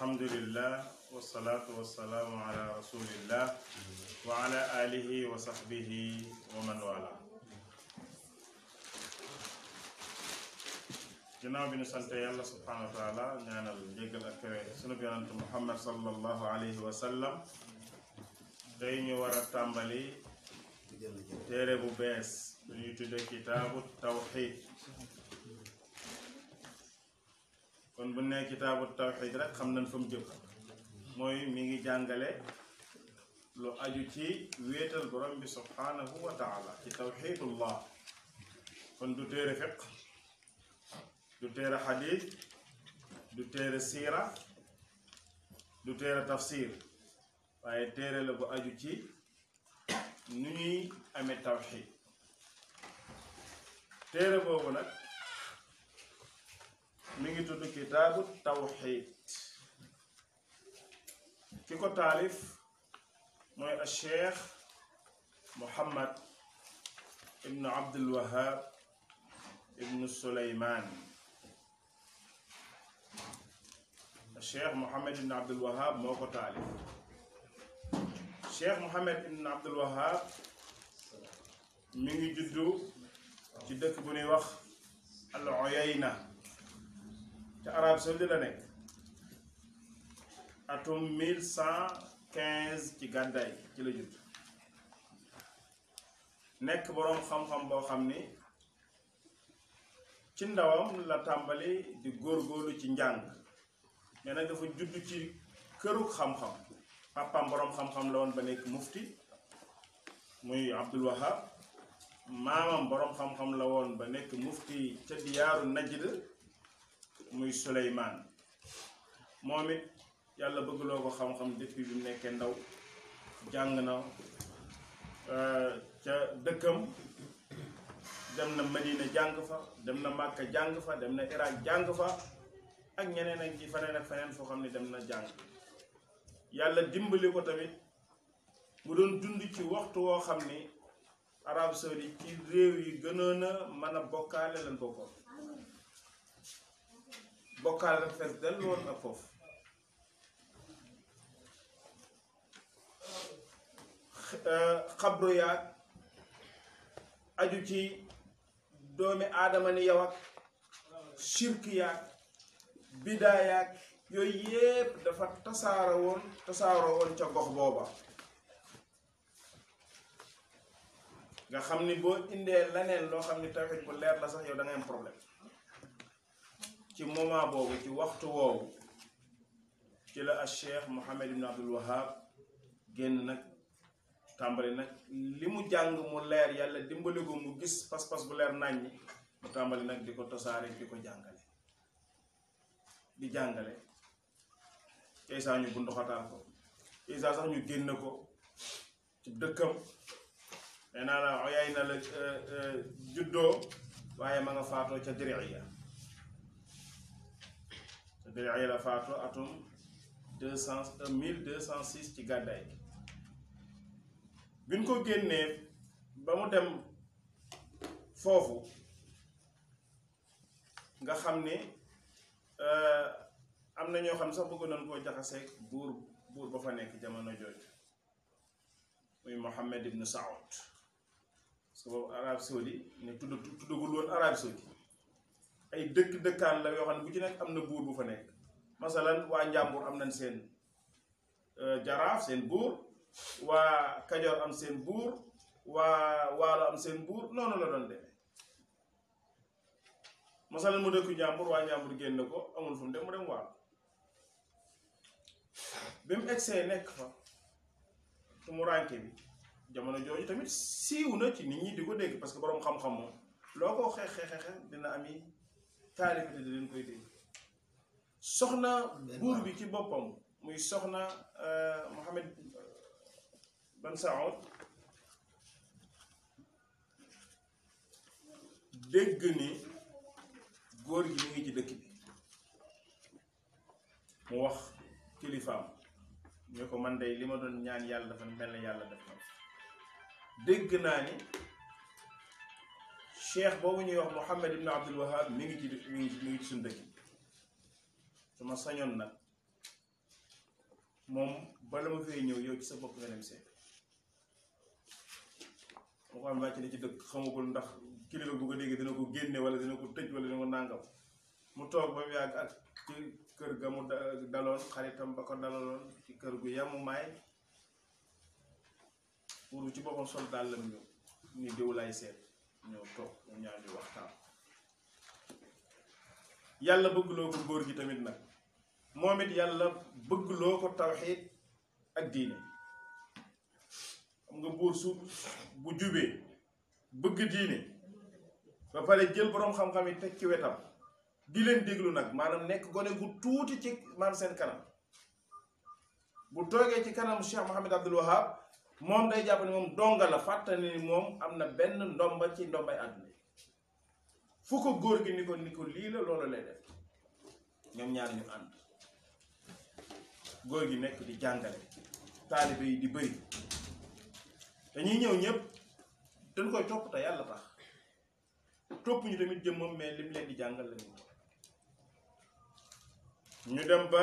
alhamdulillah wasalaatu wasalaamu ala rasulillah wa ala alihi wa sahbihi wa man wala ginnaaw bi ñu sante yàlla subhanahu wa taala ñaanal jéggal ak kawe sunu yonante muhammad sallallahu alayhi wa sallam tey ñu war a tàmbali téere bu bees bu ñuy tudde kitaabu tawxid kon bu nee kitaabu tawxiid rek xam nañ fa mu jëm mooy mi ngi jàngale lu aju ci wéetal borom bi subhanahu ci tawxiidullah kon du téere fiq du téere xadiit du téere siira du téere tafsir waaye téere la bu aju ci nu ñuy amee tawxiid téere boobu nag mi ngi tudd kitaabu tawxiid ki ko taalif mooy a cheikh muhammad ibnu abdul wahab ibnu a cheikh muhammad ibnu abdul wahab mi ngi juddu ci dëkk bu ñuy wax al uyayna ca Arab Saoudi la nekk atum mille cent quinze ci gàddaay ci la judd nekk boroom xam-xam boo xam ni ci ndawam la tàmbali di góor góorgóorlu ci njàng mais nag dafa judd ci këru xam-xam pàppam boroom xam-xam la woon ba nekk mufti muy Abdul Wahab maamam boroom xam-xam la woon ba nekk mufti ca diyaaru Najd muy Suleymaan moom it yàlla bëggloo ko xam-xam depuis bi mu nekkee ndaw jàng na euh, ca dëkkam dem na Madina jàng fa dem na Màkka jàng fa dem na Irak jàng fa ak ñeneen ak ci faneen ak faneen foo xam ne dem na jàng yàlla dimbali ko tamit mu doon dund ci waxtu woo xam ni Arab Saoudi ci réew yi gënoon a mën a bokkaale lan bokkoon bokkaale rek fees dellu woon foofu eh, xabru yaag aju ci doomi aadama ni yow ak shirk yaag bidaa yooyu yépp dafa tasaara woon tasaaroo woon ca gox booba nga xam ni boo indee leneen loo xam ni tawhid bu leer la sax yow da am problème ci moment boobu ci waxtu woowu ci la as cheikh Mouhamed Ibn Abdul Wahab génn nag tàmbali nag li mu jàng mu leer yàlla dimbali ko mu gis pas-pas bu leer naññ mu tàmbali nag di ko tosaare di ko jàngale di jàngale tey saa ñu bunduxataan ko tey saa sax ñu génn ko ci dëkkam nee naa la euh, euh, juddoo waaye ma nga faatoo ca diriya Bilaay a faatu atum deux cent euh, mille deux cent six ci gàddaay gi bi ñu ko génnee ba mu dem foofu nga xam ni euh, am na ñoo xam sax bëgg nañ koo jaxaseeg buur buur ba fa nekk jamono jooju muy Mohammed ibn Saoud su boobu Arab Saudi ne tudd tuddagul woon Arab Saudi ay dëkk dëkkaan la yoo xam ne bu ci nekk am na buur bu fa nekk masalan waa njàmbur am nañ seen euh, jaraaf seen buur waa kajoor am seen buur waa waalo am seen buur noonu la doon demee masalan mu dëkk njàmbur waa njàmbur génn ko amul fu mu dem mu bi mu egsee nekk fa su bi jamono jooju tamit siiw na ci nit ñi di ko dégg parce que boroom xam-xam moom loo ko xeex xeex xeex dina ami taalibe te di leen koy dénk soxna buur bi ci boppam muy soxna euh, Mohamed euh, ban Saoud dégg ni góor gi mu ngi ci dëkk bi mu wax kilifaam ñu ko man day li ma doon ñaan yàlla dafa mel na yàlla def na dégg naa ni cheikh boobu ñuy wax Mouhamed Ibn Abdul Wahab mi ngi ci mi ngi mi ci suñu su ma sañoon nag moom bala ma fay ñëw yow ci sa bopp nga dem seet moo ko am wàcc na ci dëkk xamagul ndax kilifa bu ko déggee dina ko génne wala dina ko tëj wala dina ko nàngam mu toog ba mu yàgg ak kër ga mu daloon xaritam ba ko daloon ci kër gu yamu may pour ci boppam sol dàllam ñu ni diw laay seet ñëw toog mu ñaan ñu waxtaan yàlla bëgguloo ko góor gi tamit nag moom it yàlla bëgguloo ko tawxiid ak diine xam nga buur su bu jubee bëgg diine ba pare jël boroom xam-xam yi teg ci wetam di leen déglu nag maanaam nekk gone gu tuuti ci maanaam seen kanam bu toogee ci kanam Cheikh Mohamed Abdul Wahab moom day jàpp moom donga la fàttali moom am na benn ndomba ci ndombay àdduna yi fu ko góor gi ni ko ni ko lii la loolu lay def ñoom ñaar ñu ànd góor gi nekk di jàngale taalibe yi di bëri dañuy ñëw ñëpp dañ koy topp te yàlla tax topp ñu tamit jëmmam mais lim leen di jàngal la ñu ñu dem ba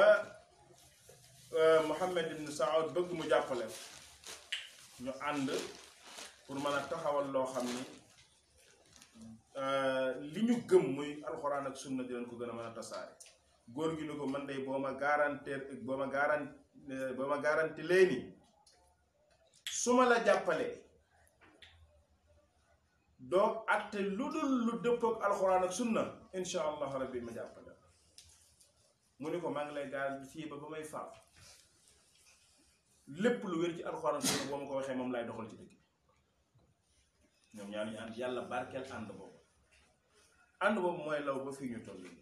euh, Mohammed ibn Saoud bëgg mu jàppale ko ñu ànd pour mën a taxawal loo xam ni euh, li ñu gëm muy alxuraan ak sunna dinañ ko gën a mën a tasaare góor gi ni ko man day boo ma garanteer boo ma garan boo ma garanti euh, leeni su ma la jàppalee doo atte lu dul lu dëppoog alxuraan ak sunna insha allah rabbi ma jàppale mu ni ko maa ngi lay garanti fii ba ba may faaf lépp lu wér ci alxuraan sunna boo ma ko waxee moom laay doxal ci dëkk bi ñoom ñaar ñu ànd yàlla barkeel ànd boobu ànd boobu mooy law ba fii ñu toll nii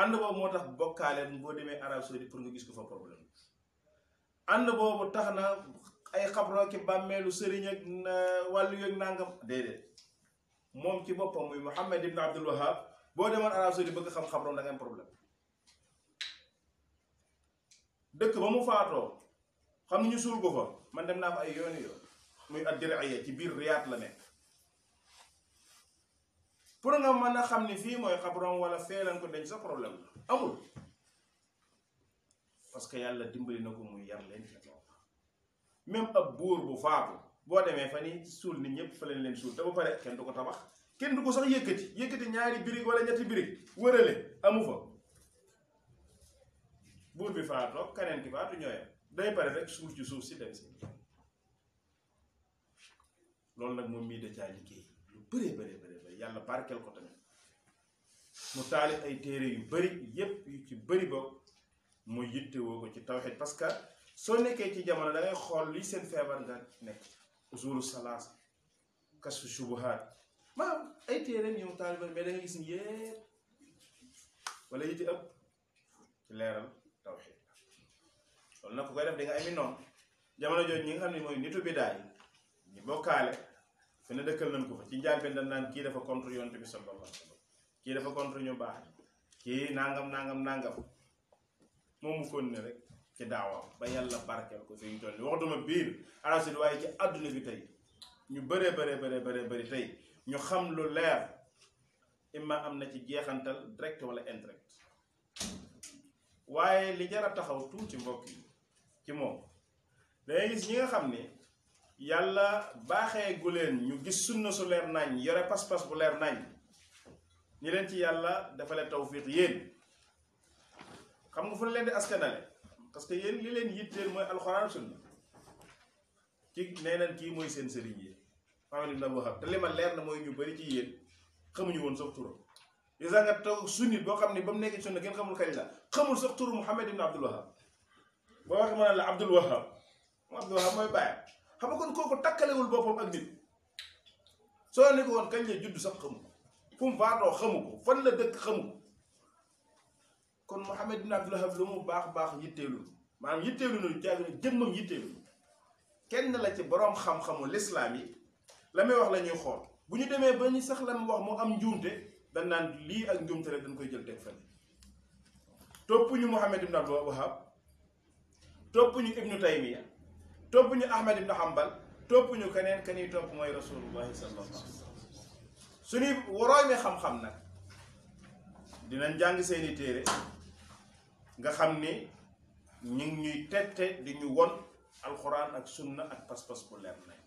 ànd boobu moo tax bokkaaleen boo demee Arabie Saoudite pour nga gis ko fa problème ànd boobu tax na ay xabro ki bàmmeelu sëriñ ak euh, wàllu yeeg nangam déedéet moom ci boppam muy Muhammad ibn Abdul Wahab boo demoon Arabie Saoudite bëgg xam xabroom da problème dëkk ba mu faatoo xam ni ñu suul ko fa man dem naa fa ay yooni yoon muy at ak jërëjëf ci biir Riyad la nekk pour nga mën a xam ni fii mooy xabroom wala feelan ko dañ sa problème amul parce que yàlla dimbali na ko muy yar leen ci toog même ab buur bu faatu boo demee fa ni suul nit ñëpp fa leen leen suul te ba pare kenn du ko tabax kenn du ko sax yëkkati yëkkati ñaari birig wala ñetti birig wërale amu fa. buur bi faatoo keneen ki faatu ñooyam day pare rek suul ci suuf si dem si loolu nag moom mii da caa liggéey lu bëree bëree bëri yàlla barkeel ko tamit mu taalif ay téere yu bëri yépp yu ci bëri boobu mu yittewoo ko ci tawxid parce que soo nekkee ci jamono da xool li seen feebar nga nekk usulu salaas kasfu shubuhaat maanaam ay téereem yi mu taalif mais da nga gis ni yépp wala yiti ëpp ci leeral tawxiid la loolu nag ko koy def di nga ami noonu jamono jooju ñi nga xam ne mooy nitu bidaay ñi bokkaale fu ne dëkkal nañ ko fa ci njaal bi dañ naan kii dafa contre yonent bi sa alayhi wasallam kii dafa contre ñu baax kii nangam nangam nangam moom mu kon ne rek ci daawam ba yàlla barkeel ko suñu toll wax duma biir arasid waaye ci àdduna bi tey ñu bëree bëree bëree bëree bëri tey ñu xam lu leer imma am na ci jeexantal direct wala indirect waaye li jar a taxaw tuuti mbokk yi ci moom dangay gis ñi nga xam ni yàlla baaxee gu leen ñu gis sunna su leer nañ yore pas-pas bu leer nañ ñi leen ci yàlla defale tawfiq yéen xam nga fu leen di askanale parce que yéen li leen yitteel mooy alxuraan sunna ci nee kii mooy seen sëriñ yi Muhammad la Abdul Wahhab te li ma leer na mooy ñu bari ci yéen xamuñu woon sax turam isa nga toog sunni boo xam ne ba mu nekk sunna kenn xamul kañ la xamul sax turu Muhammad ibn Abdul Wahab boo waxee ma ne la Abdul mooy bàyyam xam nga kon kooku takkalewul boppam ak nit soo ne woon kañ la judd sax xamu ko fu mu faatoo xamu ko fan la dëkk xamu ko kon Muhammad ibn Abdul Wahab lu mu baax baax yitteelu maanaam yitteelu nu jàng ne jëmmam yitteelu kenn la ci boroom xam-xamu lislaam yi la muy wax lañuy xool bu ñu demee ba ñu sax mu wax mu am njuumte dañ lii ak njumte rek dañ koy jël de fële topp ñu Muhammad ibn Abdul Wahab topp ñu ibnu Taymiya topp ñu Ahmad ibn Hanbal topp ñu keneen keneen topp mooy rasulullahi sallallahu alayhi wa sallam mi xam-xam nag dinañ jàng seeni téere nga xam ni ñu ngi ñuy tette di ñu won alxuraan ak sunna ak pas-pas bu leer nañ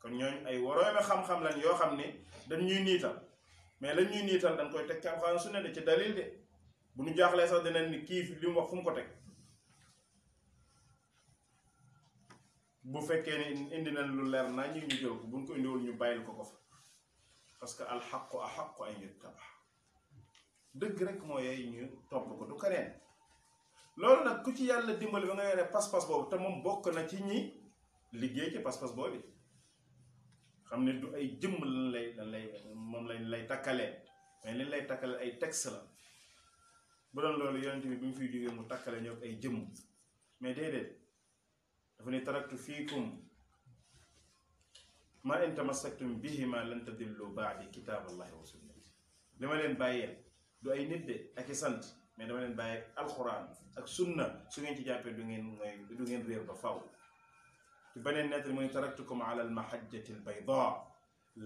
kon ñooñu ay warooy mi xam-xam lañ yoo xam ni dañ ñuy niital mais la niital dañ koy teg ci alxuraan sunna de ci dalil de bu ñu jaaxlee sax dinañ ni kii li mu wax ko teg bu fekkee ni indi na lu leer naa ñu jël ko buñ ko indiwul ñu bàyyil ko ko fa parce que alxaqu axaqu ay yët tabax dëgg rek moo yey ñu topp ko du kareen loolu nag ku ci yàlla dimbali ba nga yore pas-pas boobu te moom bokk na ci ñi liggéey ci pas-pas boobu xam ne du ay jëmm lan lay la lay moom lañ lay takkalee mais liñ lay takkalee ay texte la bu doon loolu yonent bi bi mu fiy jógee mu takkale ñoo ay jëmm mais déedéet dafa ne taraktu fiikum ma in tamassaktum bihima lan tadillu baadi kitaaballahi wa sunnati li ma leen bàyyee du ay nit de ak i sant mais dama leen bàyyee alxuraan ak sunna su ngeen ci jàppee du ngeen mooy du ngeen réer ba faw ci beneen nettali mu ne taraktukum ala almahajjati albayda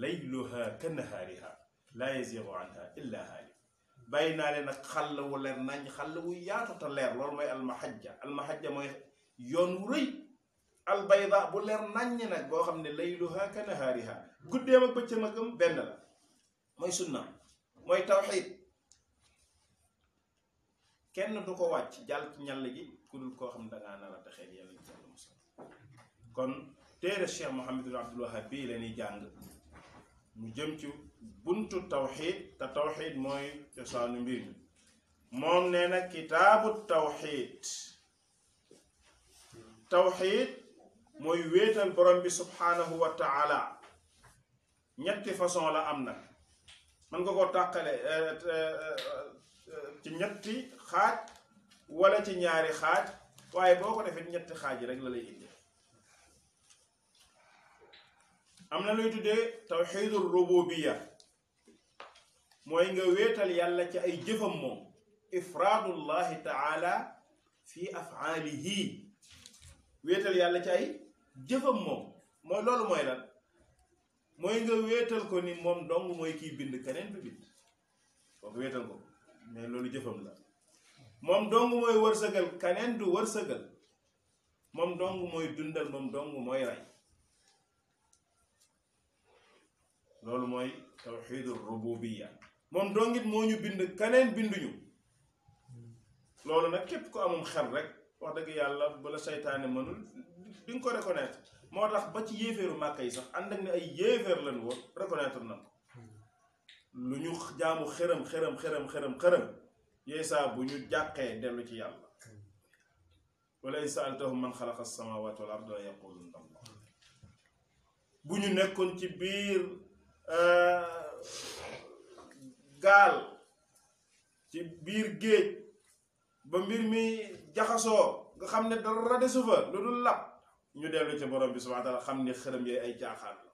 layluha ka nahaariha laa yazigu anha illa haalik bàyyi naa leen ak xàll wu leer nañ xàll wu yaatu te leer loolu mooy almahajja almahajja mooy yoon wu rëy albayda bu leer naññ nag boo xam ne layluha ka nahaariha guddeem ak bëccëm agam benn la mooy sunna mooy tawxid kenn du ko wàcc jàll ci ñàll gi ku dul koo xam dangaa nar a texeel kon téere Cheikh Mouhamadul Abdul bii la ñuy jàng jëm ci buntu tawxid te tawxid mooy cosaanu mbir mi moom nee na kitaabu tawxid tawxid mooy wéetal borom bi subhaanahu wa taala ñetti façon la am nag mën nga ko tàqale eh, eh, eh, ci ñetti xaaj wala ci ñaari xaaj waaye boo ko defee ñetti xaaj rek la lay indi am na luy tuddee tawxiidul rububiya mooy nga wéetal yàlla ci ay jëfam moom ifraadullahi taala fi afaalihi wéetal yàlla ci ay jëfam moom mooy loolu mooy lan mooy nga wéetal ko ni moom dong mooy kiy bind keneen bi bind kooku wéetal ko mais loolu jëfam la moom dong mooy wërsëgal keneen du wërsëgal moom dong mooy dundal moom dong mooy rey loolu mooy tawxiidul rububiya moom dongit moo ñu bind keneen binduñu loolu nag képp ko amum xel rek wax dëgg yàlla bala seytaane mënul di ko reconnaître moo tax ba ci yéeféeru màkka yi sax ànd ak ne ay yéeféer lañ woon reconnaître na lu ñu jaamu xërëm xërëm xërëm xërëm xërëm yeesaa bu ñu jàqee dellu ci yàlla wala in saaltahum man xalaqa alsamawat wal arda la yaqulun bu ñu nekkoon ci biir Euh, gaal ci biir géej ba mbir mi jaxasoo nga xam ne dara desu fa lu dul lab ñu dellu ci borom bi subhaana taala xam ne xërëm yooyu ay caaxaan la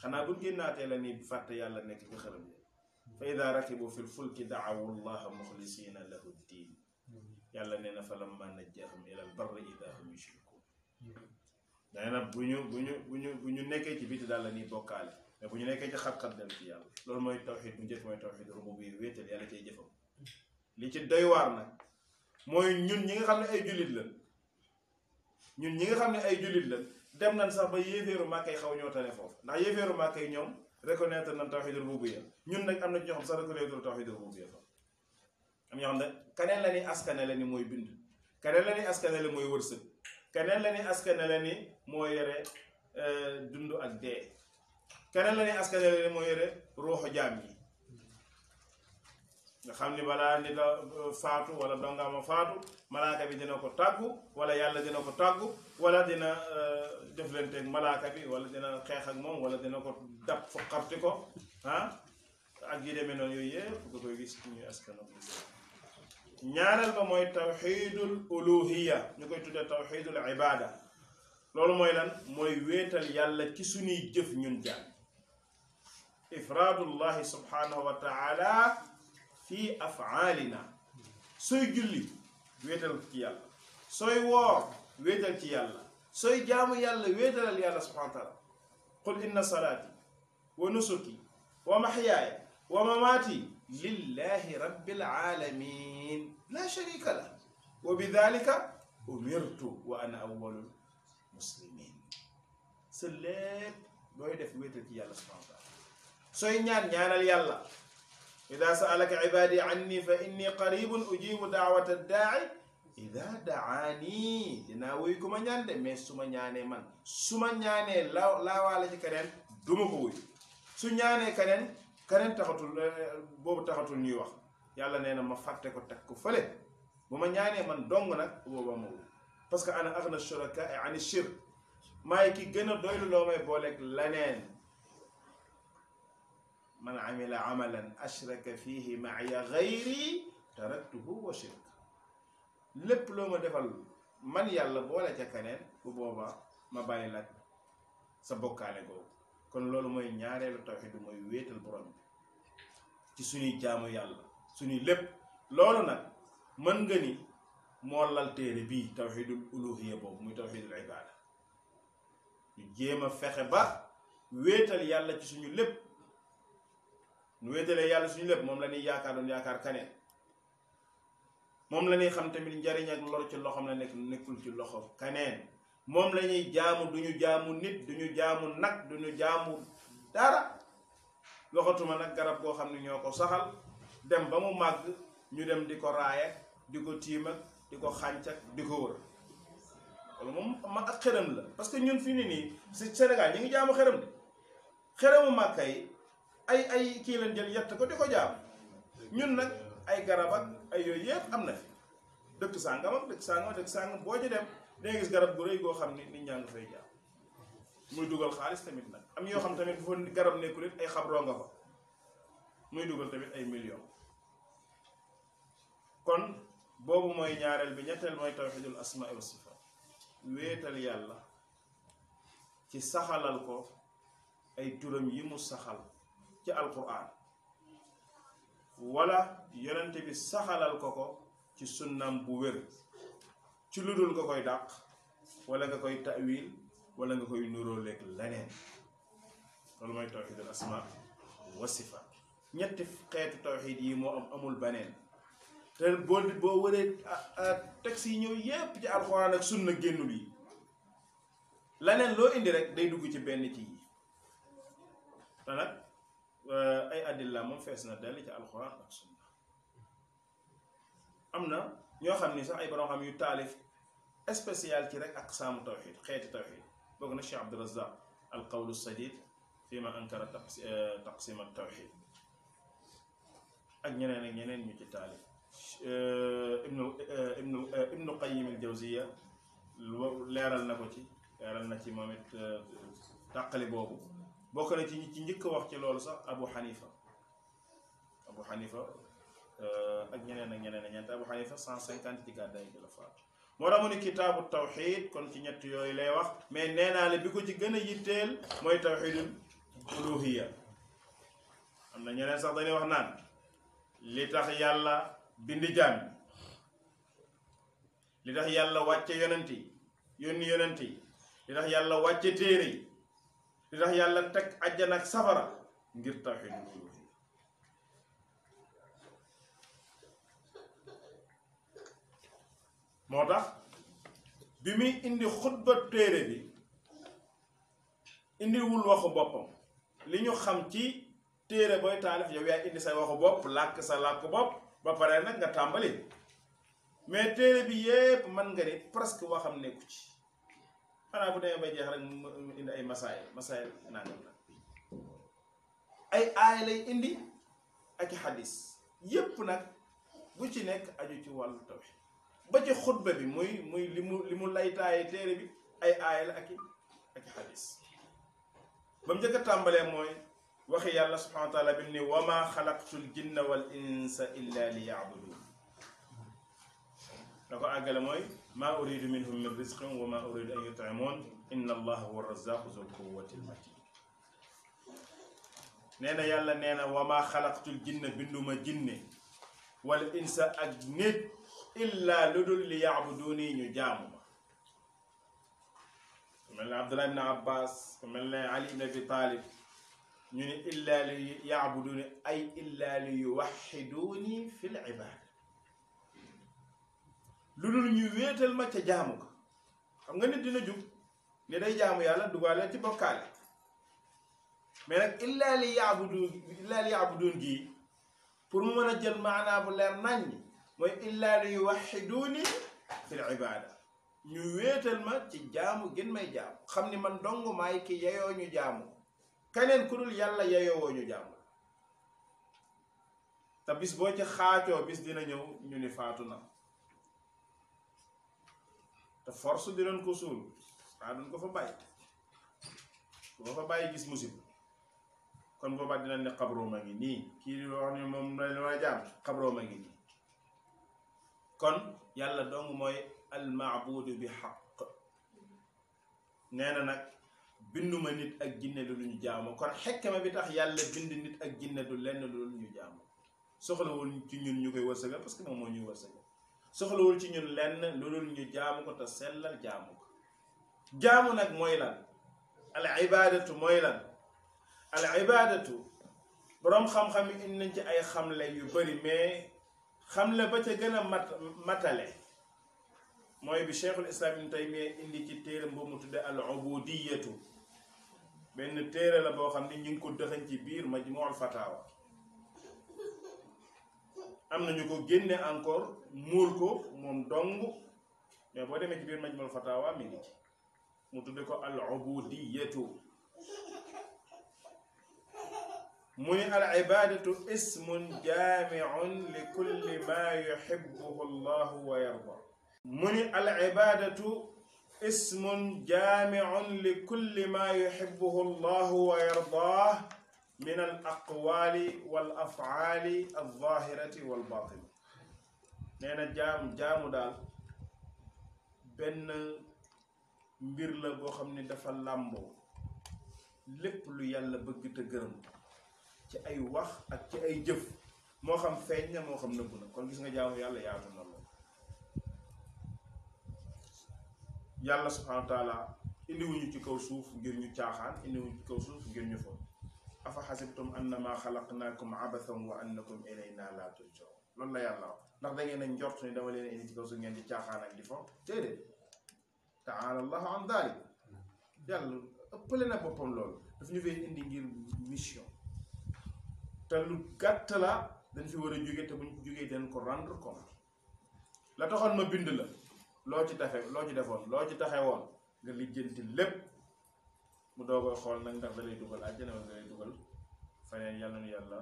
xanaa buñ génnaatee la ni fàtte yàlla nekk ci xërëm yooyu fa ida rakibu fi lfulki daawu llaha muxlisina lahu ddin yàlla nee na fa lamma najjahum ila albarri ida hum yushriku nee nag bu ñu bu ñu bu ñu bu ñu nekkee ci biti daal la ñuy bokkaale mais bu ñu nekkee ci xat-xat dem ci yàlla loolu mooy tawxid bu njëkk mooy tawxid rububiyya wéetal yàlla cay jëfam li ci doy waar mooy ñun ñi nga xam ne ay jullit la ñun ñi nga xam ne ay jullit la dem nañ sax ba yéeféeru màkkay xaw ñoo tane foofu ndax yéeféeru màkkay ñoom reconnaître nañ tawxid rububiyya ñun nag am na ñoo xam sax reconnaître tawxid rububiyya fa am ñoo xam ne kaneen la ni askanele ni mooy bind kaneen la ni askanele mooy wërsëg keneen la ni askane la ni moo yore euh, dund ak dee keneen la ni askane la ni moo yore ruuxu jaam yi nga xam ni balaa nit a euh, faatu wala dongaama faatu malaaka bi dina ko tàggu wala yàlla dina ko tàggu wala dina euh, jëflante ak malaaka bi wala dina xeex ak moom wala dina ko dab fu xarti ko ah ak yi demee noonu yooyu yëpp nga koy gis ñuy askano ñaareel ba mooy tawxidul uluhiya ñu koy tuddee tawxidul ibada loolu mooy lan mooy wéetal yàlla ci suñuy jëf ñun jàng ifraadullahi subhanahu wa taala fi afaalina sooy julli wéetal ci yàlla sooy woor wéetal ci yàlla sooy jaamu yàlla wéetalal yàlla subhanahu wa qul inna salaati wa nusuki wa maxyaaya wa mamaati lillahi rabbil alamin la sharika la wa bi dalika umirtu wa ana awwalul muslimin sa lépp booy def wéetal ci yàlla subhanahu wa taala sooy ñaan ñaanal yàlla ida saalaka ibadi anni fa inni qaribun ujibu daawata daai ida daani dinaa wuy ku ma ñaan de ñaanee man su ma ñaanee laa laawaale ci keneen su ñaanee keneen keneen taxatul eh, boobu taxatul ñuy wax yàlla nee na ma fàtte ko teg ko fële bu ma ñaanee man dong nag booba moom parce que ana aghna shuraka ani shirk maay ki gën a doylu loo may booleeg laneen man amila amalan ashraka fihi maaya gayri taraktuhu wa shirk lépp loo ma defal man yàlla boole ca keneen bu boobaa ma bàyyi la sa bokkaale googu kon loolu mooy ñaareelu tawxiid bi mooy wéetal borom bi ci suñuy jaamu yàlla suñuy lépp loolu nag mën nga ni moo lal téere bii tawxiidul uluhiya boobu muy tawxiidul ibaada ñu jéem a fexe ba wéetal yàlla ci suñu lépp ñu wéetalee yàlla suñu lépp moom la ñuy yaakaar doon yaakaar kaneen moom la ñuy xam tamit njariñ ak lor ci loxoom la nekk nekkul ci loxo kaneen moom lañuy jaamu jaamu ñu jaamu nit duñu jaamu nag duñu jaamu dara waxatuma nag garab goo xam ne ñoo ko saxal dem ba mu màgg ñu dem di ko raaya di ko tiim ak di ko xànc di ko wër wala moom ma ak xërëm la parce que ñun fi ni nii si Sénégal ñu ngi jaamu xërëm xërëmu màkka yi ay ay kii lañ jël yett ko di ko jaam ñun nag ay garab ak ay yooyu yëpp am na fi dëkk sàngam ak dëkk sàngam dëkk sàngam boo ci dem day gis garab gu rëy goo xam ne ni ñaa fay jaar muy dugal xaalis tamit nag am yoo xam tamit bu garab nekkul it ay xabroo nga fa muy dugal tamit ay million kon boobu mooy ñaareel bi ñetteel mooy tawxidul asmaa wa sifaat wéetal yàlla ci saxalal ko ay turam yi mu saxal ci alquran wala yonente bi saxalal ko ko ci sunnaam bu wér ci lu dul nga koy dàq wala nga koy tawil wala nga koy nuroo leeg leneen loolu mooy tawxidul asma wa ñetti xeetu tawxid yi moo am amul beneen te boo boo wëree texte yi ñëw yépp ci alxuraan ak sunna génnul yi leneen loo indi rek day dugg ci benn ci yi te nag euh, ay adilla moom fees na dell ci alxuraan ak sunna am na ñoo xam ni sax ay borom xam yu taalif spécial ci rek ak saamu tawxid xeeti tawxid bokk na Cheikh Abdurazaq al qawlu sadid fi ma ankara eh, taqsima tawxid ak ñeneen ak ñeneen ñu ci taalif eh, ibnu eh, ibnu ibnu qayim leeral na ko ci leeral na ci moom it boobu bokk ci ci njëkk wax ci loolu sax Abu Hanifa Abu Hanifa Euh, ak ñeneen ak ñeneen ak ñeent Abu Hanifa 150 ci gàddaay gi la faatu moo tax mu ni kitaabu tawxiid kon ci ñett yooyu lay wax mais nee naa la bi ko ci gën a yitteel mooy tawxiidul uluhiya xam na ñeneen sax dañuy wax naan li tax yàlla bind li tax yàlla wàcce yonent yi yónni yonent yi li tax yàlla wàcce téere yi li tax yàlla teg àjjana ak safara ngir tawxiidul moo tax bi muy indi xutba téere bi indiwul waxu boppam li ñu xam ci téere booy taalif yow yaay indi say waxu bopp làkk sa làkk bopp ba pare nag nga tàmbali mais téere bi yépp mën nga ni presque waxam nekku ci xanaa bu demee bay jeex rek mu indi ay masaay masaay nangam la indi ak i xadis yépp nag bu ci nekk aju ci wàllu tawhid ba ci xutba bi muy muy li mu li mu laytaaye téere bi ay aaya la ak i ak i xadis ba mu njëkk a tàmbalee mooy waxi yàlla subhanahu wa taala bi ni wa ma xalaqtul jinna wal insa illa li yaabudun da ko àggale mooy maa uridu minhum min risqin wa maa uridu an yutimoon inna allaha huwa razaqu zul quwwati al matin nee na yàlla nee na wa maa xalaqtul jinna binduma jinne wal insa ak nit illaa lu dul li yaabuduni ñu jaamu ma mel na abdullah ibn abbas ku mel ne ali ibn abi talib ñu ne illaa li yaabuduni ay illaa li yuwaxiduni fi l ibaada ma ca jaamu ko xam nga nit dina jub ne day jaamu yàlla dugaale ci bokkaale mais nag illaa li yaabudu illaa li mu mën a jël maanaa bu leer nañ mooy illaa li yuwaxiduuni fil ibaada ñu wéetal ma ci jaamu gën may jaamu xam ni man dong maay ki yeyoo ñu jaamu keneen ku dul yàlla yeyoo ñu jaamu te bis boo ci xaajoo bis dina ñëw ñu ni faatu na te fors dinañ ko suul waa duñ ko fa bàyyi boo fa bàyyi gis musiba kon boobaa dinañ ne xabroo ma ngi nii kii di wax ni moom la may jaam xabroo ma ngi nii kon yàlla dong mooy almaabudu bi xaq nee na nag binduma nit ak jinne du lu ñu jaamu kon xekkama bi tax yàlla bind nit ak jinne lu lenn lu ñu jaamu soxlawul ci ñun ñu koy wërsëgal parce que moo ñuy wërsëgal soxlawul ci ñun lenn lu dul ñu jaamu ko te sellal jaamu ko jaamu nag mooy lan al ibadatu mooy lan al ibadatu boroom xam-xam yi indi nañ ci ay xamle yu bari mais xam la ba ca gën a mat matale mooy bi cheikhul islam ibn taymiya indi ci téere bu mu tudde al ubudiyatu benn téere la boo xam ne ñu ko dëxañ ci biir majmuul fatawa am na ñu ko génne encore muur ko moom dong mais boo demee ci biir majmuul fatawa mi ngi ci mu tudde ko al ubudiyatu mu ni al ibaadatu ismun jaamiun li kulli maa yuhibbuhu llahu wa yarda mu ni al ibaadatu ismun jaamiun li kulli maa yuhibbuhu llahu wa yardaah min al aqwaali wal af'aali az-zaahirati wal baatini nee na jaam jaamu daal benn mbir la boo xam ne dafa làmboo lépp lu yàlla bëgg te gërëm ci ay wax ak ci ay jëf moo xam feeñ na moo xam nëbb na kon gis nga jaamu yàlla yaatu na lool yàlla subhanahu wa taala indiwuñu ci kaw suuf ngir ñu caaxaan indiwuñu ci kaw suuf ngir ñu fo afa xasibtum naa xalaqnaakum abathan wa annakum ilayna la turjaun loolu la yàlla wax ndax da ngeen a njort ni dama leen indi ci kaw suuf ngeen di caaxaan ak di fo déedéet taala allahu an dalik yàlla ëppale na boppam loolu daf ñu fee mission te lu gàtt la dañ fi war a jóge te buñ jógee dañ ko rendre compte la taxoon ma bind la loo ci taxe loo ci defoon loo ci taxe woon nga lijjanti lépp mu doogoo xool nag ndax da lay dugal àjjana wala da lay dugal feneen yàlla nu yàlla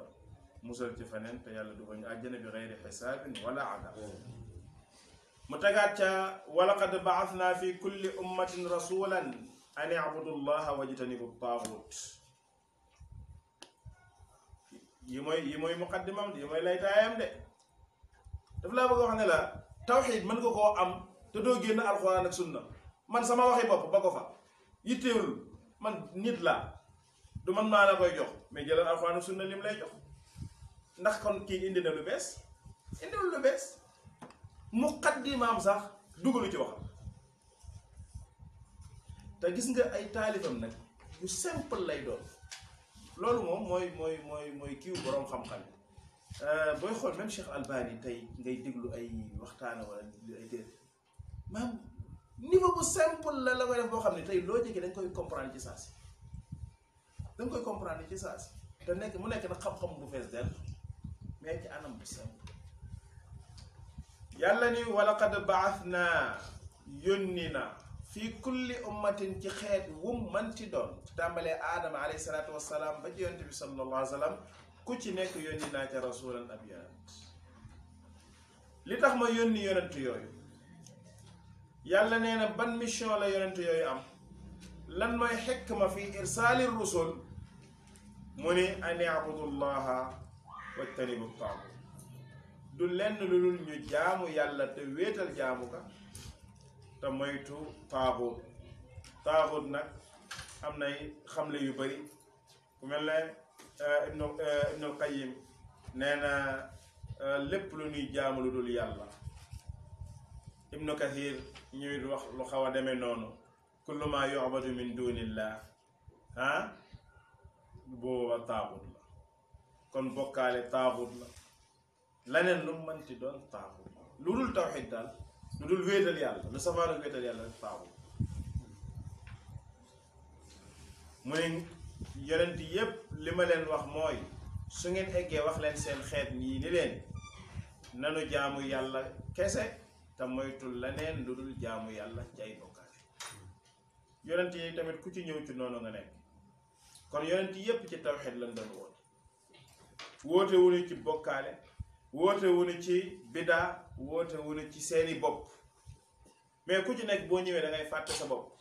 musal ci feneen te yàlla dugal ñu àjjana bi xeyri xisaabin wala ada mu tegaat ca walaqad baasnaa fi kulli ummatin rasulan an ibudu llaha wajtanibu taaxut yi mooy yi mooy muqaddimam yi mooy laytaayam de daf laa bëgg wax ne la tawxiid mën ko koo am te doo génn alxuraan ak sunna man sama waxi bopp ba ko fa yitteewul man nit la du man maa koy jox mais jëlal alxuraan ak sunna lim lay jox ndax kon kii indi na lu bees indiwul lu bees muqaddimaam sax dugalu ci waxam te gis nga ay taalifam nag yu simple lay doon loolu moom mooy mooy mooy mooy kiiw boroom xam-xam euh, booy xool même Cheikh Albani tey ngay déglu ay waxtaana wala ay dé maam niveau bu simple la la koy def boo xam ne tey loo jege dañ koy comprendre ci saa si dañ koy comprendre ci saa si te nekk mu nekk nag xam-xam bu fees dell mais ci anam bu simple yàlla ni walaqad baax naa yónni na fii kulli ummatin ci xeet wum manti doon tàmbalee aadama alayhi salaatu wasalaam ba ci yonte bi sallallahu alayhi ku ci nekk yónni naa ca rasulan ab yonent li tax ma yónni yonent yooyu yàlla nee na ban mission la yonent yooyu am lan mooy xekk ma fi irsaali rusul mu ni an iabudullaha wajtanibu taagut du lenn lu dul ñu jaamu yàlla te wéetal jaamu ka te moytu taaxut taaxut nag am nay xamle yu bari ku mel na eh, ibnu eh, ibnul qayim nee na eh, lépp lu ñuy jaamu lu dul yàlla ibnu kathir ñuy wax lu xaw a demee noonu kullu ma yu'badu min dunillah ah booba taaxut la kon bokkaale taaxut la leneen lu mu mënti doon taaxut lu dul tawxid daal lu dul wéetal yàlla lu safaan wéetal yàlla rek baaxul mu ne yonent yépp li ma leen wax mooy su ngeen eggee wax leen seen xeet nii ni leen nanu jaamu yàlla kese te moytul leneen lu dul jaamu yàlla ci ay bokkaale yonent yi tamit ku ci ñëw ci noonu nga nekk kon yonent yépp ci tawxid lan doon woote woote wuñu ci bokkaale woote wuñu ci biddaa woote wuñu ci seeni bopp mais ku ci nekk boo ñëwee da ngay fàtte sa bopp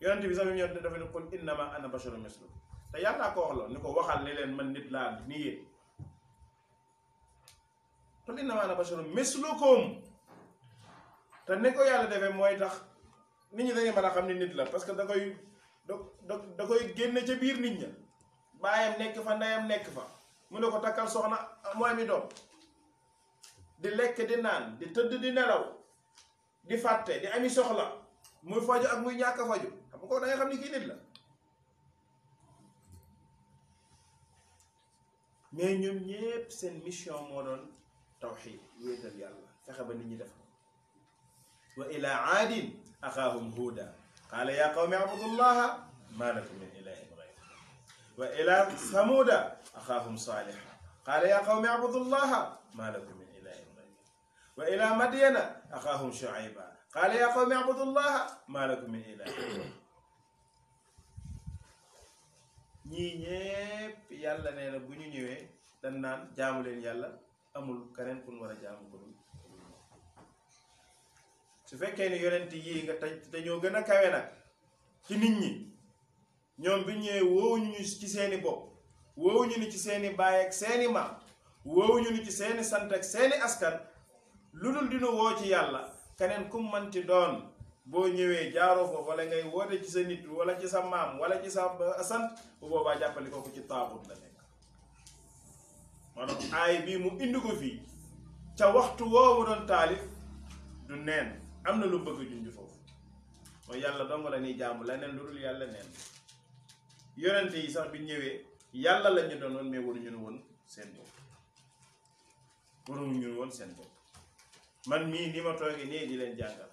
yonent bi sax bi ñëw dafa ne qul innama ana basharun mislukum te ko wax loolu ni ko ni leen man nit laa ni yéen qul innama ana te ni ko yàlla defee mooy tax nit ñi dañuy mën a xam ni nit la parce que da koy da da koy génne ca biir nit ña baayam nekk fa ndeyam nekk fa mu ne ko takkal soxna mu ami doom di lekk di naan di tëdd di nelaw di fàtte di ami soxla muy faju ak muy ñàkk faju xam nga ko da xam ni kii nit la mais ñoom ñépp seen mission moo doon tawxid wéetal yàlla fexe ba nit ñi def ko wa ila aadin axaahum huuda qaala yaa qawmi abudullaha ma lakum min ilahin وإلى ثمود أخاهم صالحا قال يا قوم اعبدوا الله ما لكم من إله غيره وإلى مدين أخاهم شعيبا قال يا قوم اعبدوا الله ما لكم من إله غيره ñii ñëpp yàlla nee na bu ñu ñëwee dañ naan jaamu leen yàlla amul keneen ku war a jaamu ko dul su fekkee ne yonent yii nga te dañoo gën a kawe nag ci nit ñoom bi ñëwee woowuñu ñu ci seeni bopp woowuñu ni ci seeni baay ak seeni maam woowuñu ni ci seeni sant ak seeni askan lu dul dina woo ci yàlla keneen ku manti doon boo ñëwee jaaroo ko wala ngay woote ci sa nit wala ci sa maam wala ci sa sant bu boobaa jàppale ko ci taabut la nekk maanaam aay bii mu indi ko fii ca waxtu woowu doon taalif du neen am na lu bëgg junj foofu mooy yàlla dong la ñuy jaamu leneen lu dul yàlla neen yonent yi sax bi ñëwee yàlla la ñu doonoon mais waruñu ne woon seen bopp waruñu ne woon seen bopp man mii ni ma toogee nii di leen jàngal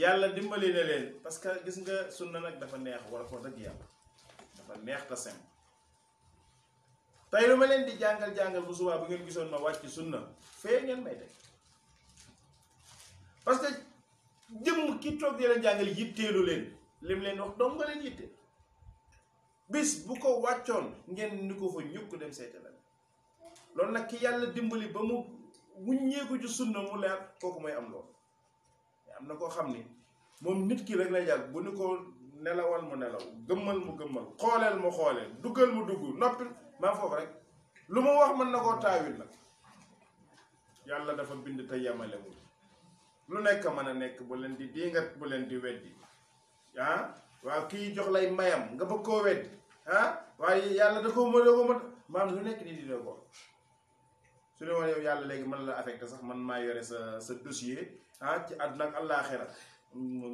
yàlla dimbali na leen parce que gis nga sunna nag dafa neex war ko dëgg yàlla dafa neex te sem tey lu ma leen di jàngal jàngal bu subaa bu ngeen gisoon ma wàcc sunna fee ngeen may teg parce que jëmm ki toog di leen jàngal yitteelu leen lim leen wax dong nga leen yitte. bis bu ko wàccoon ngeen ni ko fa ñukk dem seeta la loolu nag ki yàlla dimbali ba mu wuññeeku ci sunna mu leer kooku mooy am loolu am na koo xam ni moom nit kii rek lay jàll bu ni ko nelawal mu nelaw gëmmal mu gëmmal xooleel mu xooleel duggal mu dugg noppi maa foofu rek lu ma wax mën na koo taawil nag yàlla dafa bind te yemalewul lu nekk mën a nekk bu leen di diingat bu leen di weddi ah waaw kii jox lay mayam nga bëgg koo weddi ah waaye yàlla da koo mën ma mën maam lu nekk nii dina ko su ne woon yàlla léegi man la affecté sax man maa yore sa sa dossier ah ci àdduna ak àllaaxira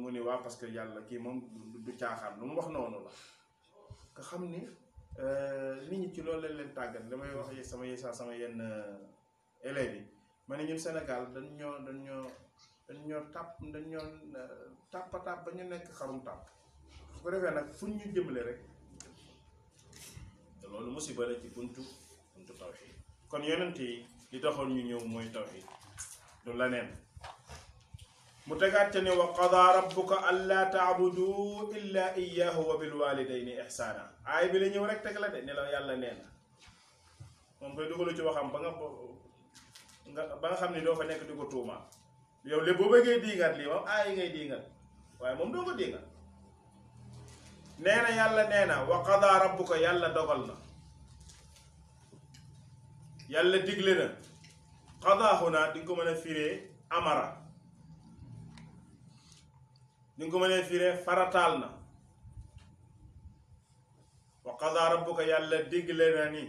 mu ne waaw parce que yàlla kii moom du caaxaan lu ma wax noonu la nga xam ni euh, nit ñi ci loolu lañ leen tàggat damay wax sama yéen sama yenn euh, élèves yi ma ne ñun Sénégal dañ ñoo dañ ñoo dañ ñoo tàpp dañ ñoo euh, tàpp tàpp ba ñu nekk xarum tàpp. ko defee nag fu ñu jëmale rek loolu musiba la ci buntu tawxiid kon yonent yi li taxoon ñu ñëw mooy tawxiid du leneen mu tegaat te ne wa qadaa rabbuka allaa taabudu illaa iyyaahu wa bil waalidayni ihsaana aay bi la ñëw rek teg la de ne la yàlla nee na moom koy dugalu ci waxam ba nga ba nga xam ne doo fa nekk di ko tuumaal yow lépp boo bëggee diingat lii moom aay ngay diingat waaye moom doo ko diingat nee yàlla nee na wa qada rabbuka yàlla dogal na yàlla digle na qadaahu naa di nga ko mën a firee amara di nga ko mën a farataal na wa qada rabbuka yàlla digle na ni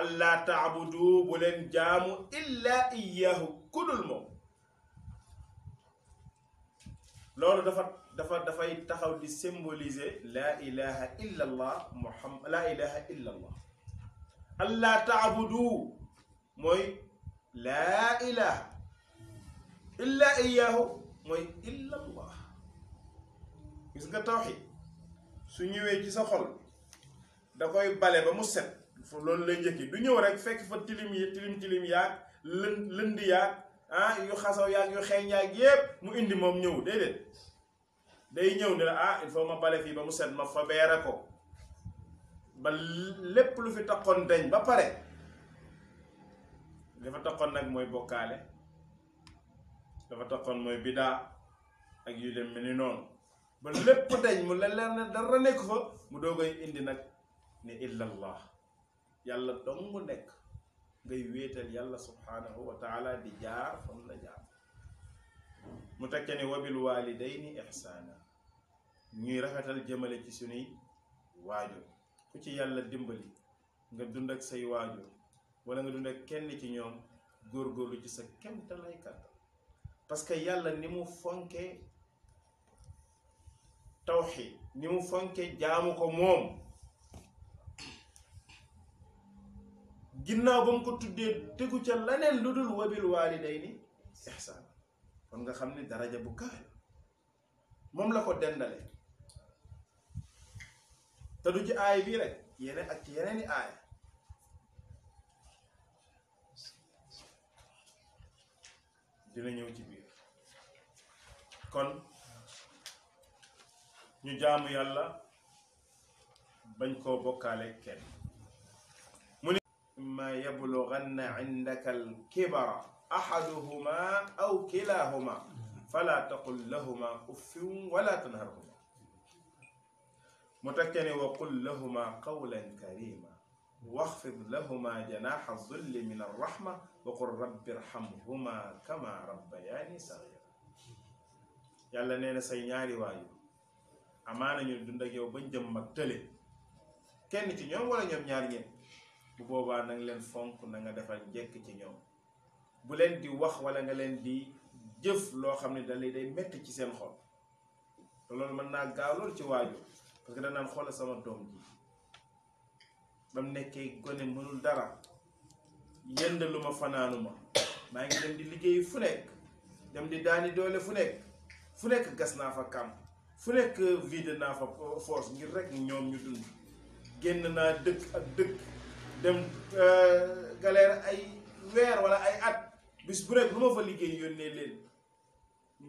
allah taabudu bu jaamu illa iyyahu kudul moom loolu dafa dafa dafay taxaw di symboliser laa ilaha illa allah muhammad laa ilaha illa allah taabudu mooy laa ilaha illa iyahu mooy illa gis nga tawxid su ñëwee ci sa xol da koy bale ba mu set loolu lay njëkki du ñëw rek fekk fa tilim yi tilim tilim yaag lënd lënd yaag ah, yu xasaw yaag yu xeeñ yaag yépp mu indi moom ñëw déedéet day ñëw ne la ah il faut ma bale fii ba mu set ma fa beere ko ba lépp lu fi takkoon dañ ba pare dafa taxoon nag mooy bokkaale dafa taxoon mooy bidaa ak yu dem ni noonu ba lépp dañ mu la leer ne dara nekk fa mu doogay indi nag ne illallah yàlla dong mu nekk ngay wéetal yàlla subhanahu wa di jaar fam la jaar mu teg ca ne wabil walidayni ihsaana ñuy rafetal jëmale ci sunuy waajur ku ci yàlla dimbali nga dund ak say waajur wala nga dund ak kenn ci ñoom góorlu ci sa kemtalay kàttan parce que yàlla ni mu fonkee tawxiid ni mu fonkee jaamu ko moom ginnaaw ba ko tuddee tegu ca leneen lu dul wabil waalidayni ihsaan kon nga xam ni daraja bu kaay moom la ko dendale te du ci aay bii rek yeneen ak ci dina ñëw ci biir kon ñu jaamu yàlla bañ ko bokkaale kenn mu ne imma yablughanna indaka alkibara ahaduhuma aw kilahuma fala taqul lahuma uffin wala tanharhuma mu teg ni wa qul lahuma qawlan karima waxfid lahuma janaxa zulli min arraxma wa qul rabbi irhamhuma kama rabbayaani saxira yàlla nee na say ñaari waaju amaana ñu dund yow bañ jëm mag tële kenn ci ñoom wala ñoom ñaar ñett bu boobaa na leen fonk na nga defal njëkk ci ñoom bu leen di wax walla nga leen di jëf loo xam ne da lay day metti ci seen xol loolu mën naa gaaw ci waaju parce que danaan xoolal sama doom ji ba mu nekkee gone mënul dara yendalu ma fanaanuma maa ngi dem di liggéey fu nekk dem di daani doole fu nekk fu nekk gas naa fa kàmp fu nekk vide naa fa force ngir rek ñoom ñu dund génn naa dëkk ak dëkk dem euh, galère ay weer wala ay at bis bu rek lu ma fa liggéey yónnee leen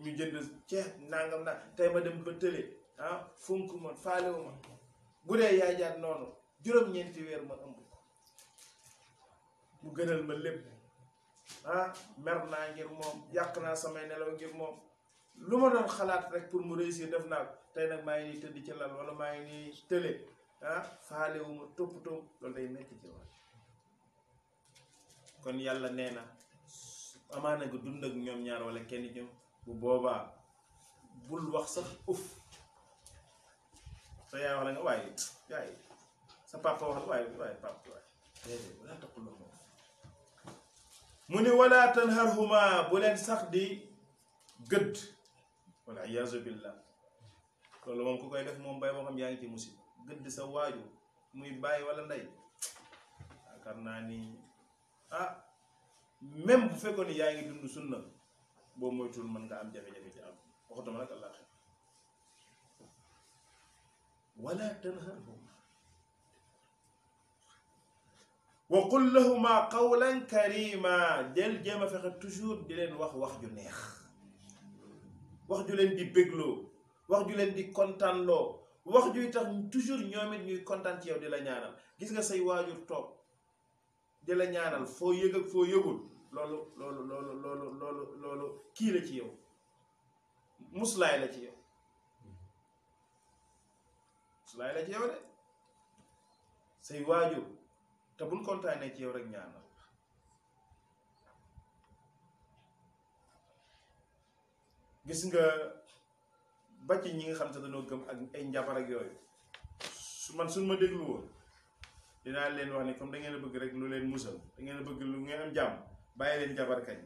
ñu jënd ceeb nangam naa tey ma dem ba tële ah funku ma faalewu ma bu dee yaay jaat noonu juróom-ñeenti weer ma ëmb mu gënal ma lépp ah mer naa ngir moom yàq naa samay nelaw ngir moom lu ma doon xalaat rek pour mu réussir def naa ko tey nag maa ngi nii tëdd ci lal wala maa ngi nii tële ah faalewu ma toppatoo loolu day nekk ci wax kon yàlla nee na amaana nga dund ak ñoom ñaan wala kenn ñoom bu boobaa bul wax sax uf sa yaay wax la ne waaye sa papa wax la waaye waaye papa waaye déedéet wala taqul lahuma mu ni wala tanharhuma bu leen sax di gëdd wala iyaazu billah loolu moom ku koy def moom bay boo xam yaa ngi ci musiba gëdd sa waajur muy bàyyi wala ndey yaakaar naa ni ah même bu fekkoon ni yaa ngi dund sunna boo moytuwul mën nga am jafe-jafe ci am waxatuma nag allah wala tanharhuma wa qul lahuma qawlan karima del jéem a fexe toujours di leen wax wax ju neex wax ju leen di bégloo wax ju leen di kontaanloo wax juy tax toujours ñoom it ñuy kontaan ci yow di la ñaanal gis nga say waajur toog di la ñaanal foo yëg ak foo yëgul loolu loolu loolu loolu loolu loolu kii la ci yow muslaay la ci yow su laay la ci yow de say waajur te bul kontaanee ci yow rek ñaanal gis nga ba ci ñi nga xam te dañoo gëm ak ay njabar ak yooyu su man suñ ma déglu woon dinaa leen wax ne comme da ngeen bëgg rek lu leen musal da ngeen bëgg lu ngeen am jàmm bàyyi leen njabarkañ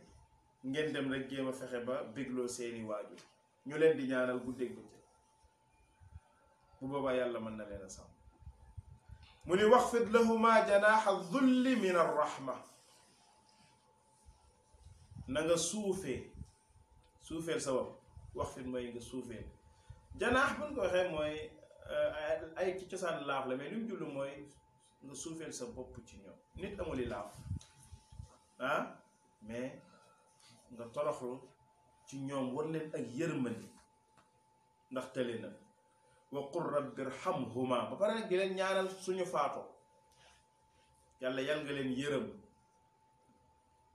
ngeen dem rek jéem a fexe ba bégloo seeni waajur ñu leen di ñaanal guddeeg bëccëg bu boobaa yàlla mën na leen a sàmm mu ni waxfid lahuma janaaxa dulli min arrahma na nga suufee suufeel sa bopp waxfid mooy nga suufeel janaax buñ ko waxee mooy euh, ay ci cosaan laaf la mais li mu mooy nga suufeel sa bopp ci ñoom nit amuli laaf ah mais nga toroxlu ci ñoom war leen ak yërmande ndax tële na wa qul rabbi irhamhuma ba pare nag di leen ñaanal suñu faatoo yàlla yal nga leen yërëm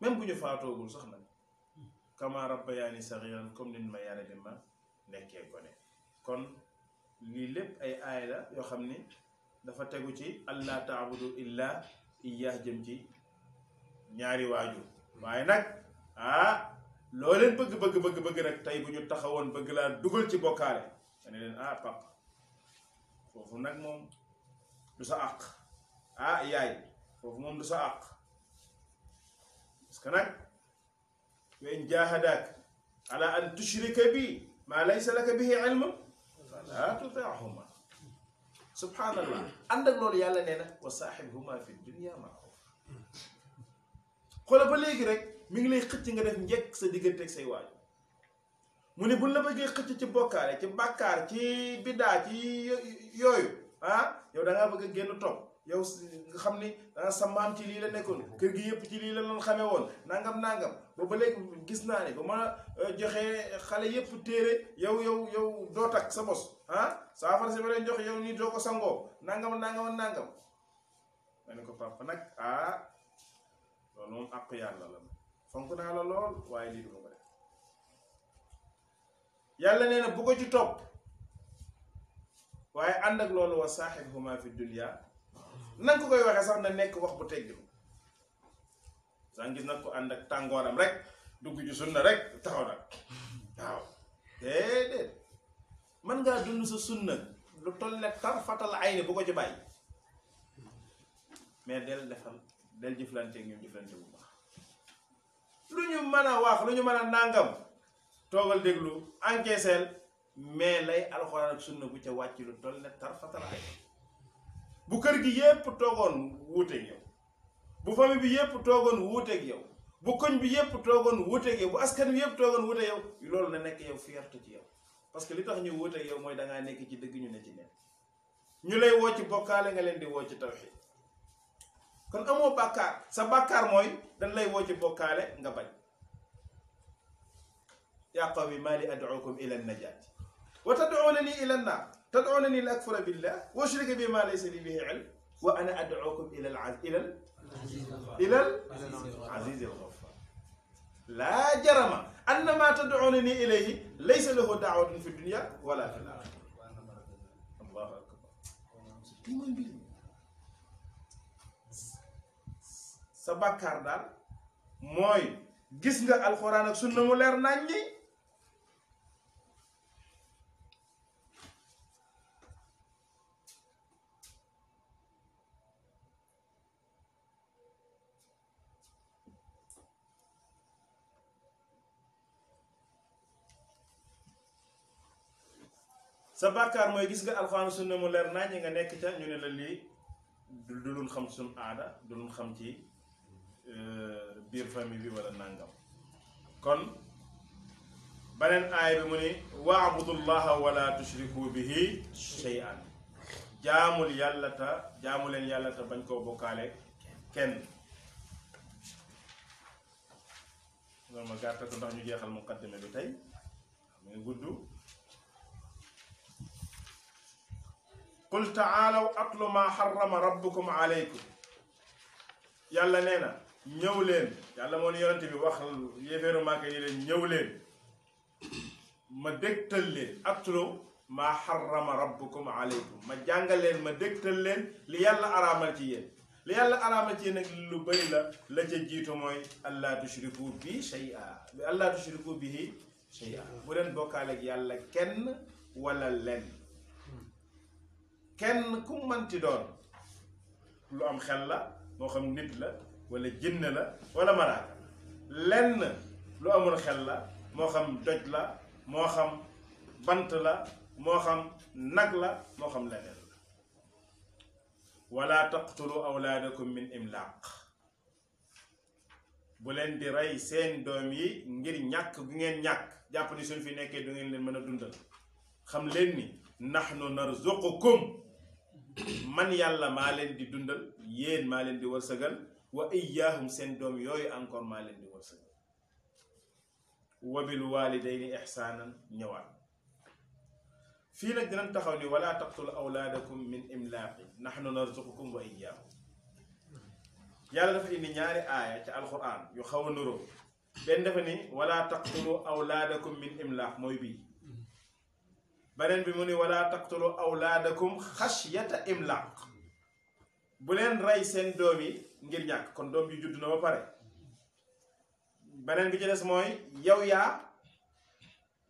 même bu ñu faatoogul sax nag kama rabbayaani saxiran comme nit ma yare kon lii lépp ay aay la yoo xam ni dafa tegu ci allah taabudu illa iyyah jëm ci ñaari waajur waaye nag ah loo bëgg bëgg bëgg bëgg nag tey bu ñu taxawoon bëgg laa dugal ci bokkaale ma leen ah pap foofu nag moom du sa àq ah yaay foofu moom du sa àq parce que nag wa in jahadaak ala an tushrika bi maa laysa laka bihi ilmun fala tuti'huma subhaanallah ànd ak loolu yàlla nee na wa saaxibhuma fi dunya maaruf xoola ba léegi rek mi ngi lay xëcc nga def njëkk sa diggante ak say waajur mu ne buñ la bëggee xëcc ci bokkaale ci bàkkaar ci biddaa ci yooyu ah yow da bëgg a génn toog yow nga xam ni ah, sa maam ci lii la nekkoon kër gi yëpp ci lii la doon xamee woon nangam nangam ba ba gis naa ne ba ma eh, joxee xale yëpp téere yow yow yow doo takk sa bos ah saafara si ma jox yow nii doo ko sangoo nangam nangam nangam. ma ne ko papa nag ah loolu moom àq yàlla la fonk naa la lool waaye lii du ma ko yàlla nee na bu ko topp. waaye ànd ak loolu wa saaxibhuma fi dunia nan ko koy waxee sax na nekk wax bu tegginu sax gis nag ko ànd ak tàngooram rek dugg ci sunna rek taxaw nag waaw déedéet mën ngaa dund sa sunna lu toll ne tar fatal ay ni bu ko ci bàyyi mais del defal del jëflante ak ñoom jëflante bu baax lu ñu mën a wax lu ñu mën a nàngam toogal déglu encaisseel mais lay alxuraan ak sunna bu ca wàcc lu toll ne tarfatala ay bu kër gi yépp toogoon wuuteeg bu famille bi yépp toogoon wuuteeg yow bu koñ bi yépp toogoon wuuteeg yow bu askan bi yépp toogoon wuuteeg yow loolu na nekk yow fierté ci yow parce que li tax ñu wuuteeg yow mooy dangaa nekk ci dëgg ñu ne ci neen ñu lay woo ci bokkaale nga leen di woo ci tawxiid kon amoo bàkkaar sa bàkkaar mooy dañ lay woo ci bokkaale nga bañ yaa bi maa li ad'ukum ila najaat wa tad'unani ila an-nar tad'unani li akfura billah wa ushrika bi ma laysa li bihi ilm wa ana ad'ukum ila al ila ila al-aziz al-ghaffar la jarama anna ma tad'unani ilayhi laysa lahu da'watun fi dunya wala fil akhirah allahu akbar lii mooy mbir sa bàkkaar daal mooy gis nga alxuraan ak sunna mu leer nañ ñi sa bàkkaar mooy gis nga alxuraan sunna mu leer nañ nga nekk ca ñu ne la lii du dulul xam suñ aada dulul xam ci euh, biir famille bi nàngam kon beneen aay bi mu ni waabudullaha wala tushriku bihi shay'an jaamul yàlla ta jaamu leen yàlla ta bañ koo bokkaale kenn loolu ma gàttal ko ndax ñu jeexal muqaddime bi tey xam gudd qul taalaw atlu ma xarama rabbukum aleykum yàlla nee na ñëw leen yàlla moo ne yonente bi wax yéeféeru Màkka yi leen ñëw leen ma dégtal leen atlu ma xarama rabbukum aleykum ma jàngal leen ma dégtal leen li yàlla araamal ci yéen li yàlla araamal ci yéen nag lu bëri la la ca jiitu mooy allah tushriku bi shay'a allah tushriku bihi shay'a bu leen bokkaaleeg yàlla kenn wala lenn kenn ku mënti doon lu am xel la moo xam nit la walla jinne la wala malaaka lenn lu amul xel la moo xam doj la moo xam bant la moo xam nag la moo xam leneen la wala taqtulu awlaadakum min imlaaq bu leen di rey seen doom yi ngir ñàkk gu ngeen ñàkk jàpp ni suñ fi nekkee du ngeen leen mën a dundal xam leen ni nahnu narzuqukum man yàlla maa leen di dundal yéen maa leen di wërsëgal wa iyaahum seen doom yooyu encore maa leen di wërsëgal wa bil walidayni ihsaanan ñëwaat fii nag dinañ taxaw ni wala taqtul awlaadakum min imlaaqi nahnu narzuqukum wa iyaahum yàlla dafa indi ñaari aaya ci alquran yu xaw a nuroo benn dafa ni wala taqtulu awlaadakum min imlaaq mooy bii beneen bi mu ni wala taqtulu awlaadakum xashyata imlaaq bu leen rey seen doom yi ngir ñàkk kon doom yi judd na ba pare beneen bi ci des mooy yow yaa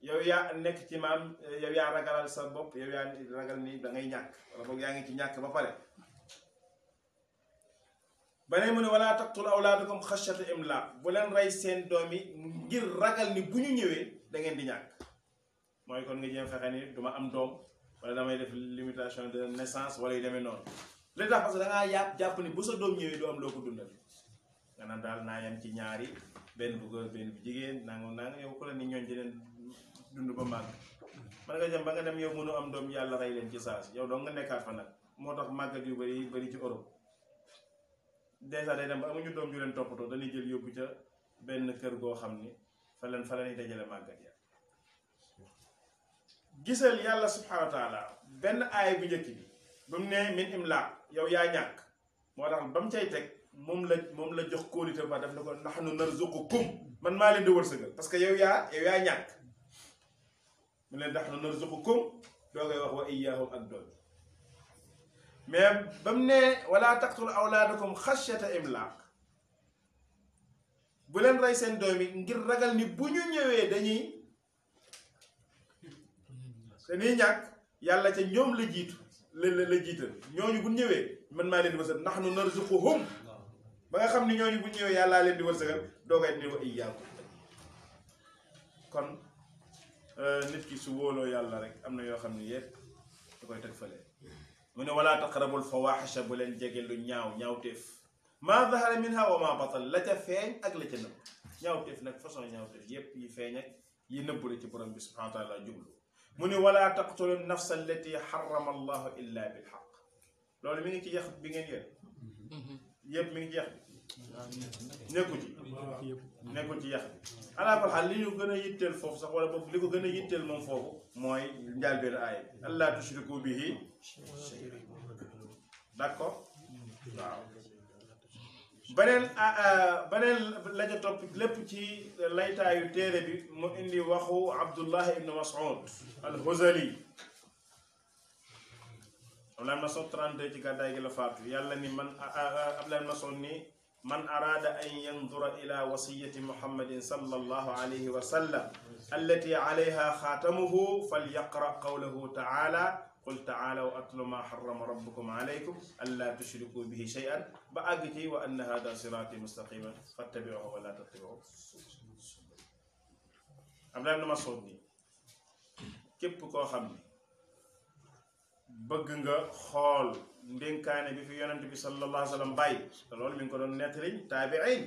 yow yaa nekk ci maam yow yaa ragalal sa bopp yow yaa ragal ni da ngay ñàkk wala boog yaa ngi ci ñàkk ba pare beneen mu ne wala taqtulu awlaadakum xashyata imlaaq bu leen rey seen doom yi ngir ragal ni bu ñu ñëwee dangeen di ñàkk mooy kon nga jéem fexe ni du ma am doom wala damay def limitation de naissance wala yu demee noonu li tax parce que yàpp jàpp ni bu sa doom ñëwee du am loo ko dundal nga naan daal naa yem ci ñaari benn bu góor benn bu jigéen naa nga naa yow ku la ni ci leen dund ba màgg nga jëm ba nga dem yow mënu am doom yàlla rey leen ci yow doo nga nekkaat nag moo tax màggat yu bari bëri ci Europe dèjà day dem ba amuñu doom yu leen toppatoo dañuy jël yóbbu ca benn kër goo xam ni fa leen fa leen dajale màggat ya gisal yàlla subhanahu wa taala benn aay bu njëkk bi ba mu ne min imlaaq yow yaa ñàkk moo tax ba mu cay teg moom la moom la jox kóolite ba daf ne ko nahnu narzuqukum man maa leen di wërsëgal parce que yow yaa yow yaa ñàkk mu leen nahnu narzuqukum doo koy wax wa iyyahum ak doon mais ba mu ne wala taqtul awlaadakum xashyata imlaaq bu leen rey seen doom ngir ragal ni bu ñu ñëwee dañuy te nii ñàkk yàlla ca ñoom la jiit la la jiital ñooñu bu ñëwee man maa leen di wërsëgal ndax nu narzuquhum ba nga xam ne ñooñu bu ñëwee yàllaa leen di wërsëgal doog a indi wa iyyaakum kon euh, nit ki su wóoloo yàlla rek am na yoo xam ne yépp da koy teg fële mu ne wala taqrabul fawaxisha bu leen jege lu ñaaw ñaawteef maa zahara minha wa maa batal la ca feeñ ak la ca nëbb ñaawteef nag façon ñaawteef yépp yi feeñ yi nëbb la ci borom bi subhanahu mu ni wala taqtulu nafsa allati xarama allahu illa bil xaq loolu mi ngi ci yax bi ngeen yéen yëpp mi ngi ci yax bi nekku ci nekkul ci yax bi alaa ko xaal li ñu gën a yitteel foofu sax wala boobu li ko gën a yitteel moom foofu mooy njaal biir aaya allaa tushriku bihi d'accord waaw beneen ah, ah, beneen la ca topp lépp ci laytaayu téere bi mu indi waxu Abdullah ibn Mas'ud al-Huzali Abdullah ibn Mas'ud 32 ci gàddaay gi la faatu yàlla ni man ah, Abdullah ibn Mas'ud ni man araada an yandura ila wasiyati muhammadin sallallahu alayhi wa sallam allati alayha xaatamuhu falyaqra qawlahu taala qul taalaw atlu ma xarama rabbukum alaykum alla tushriku bihi shay'an ba àgg ci wa anna hada sirati mustaqiman fattabiuhu wala tattabiu Abdullah ibn Mas'ud nii képp koo xam ne bëgg nga xool ndénkaane bi fi yonent bi sallallahu alayhi wa sallam bàyyi te loolu mi ngi ko doon nettaliñ taabiin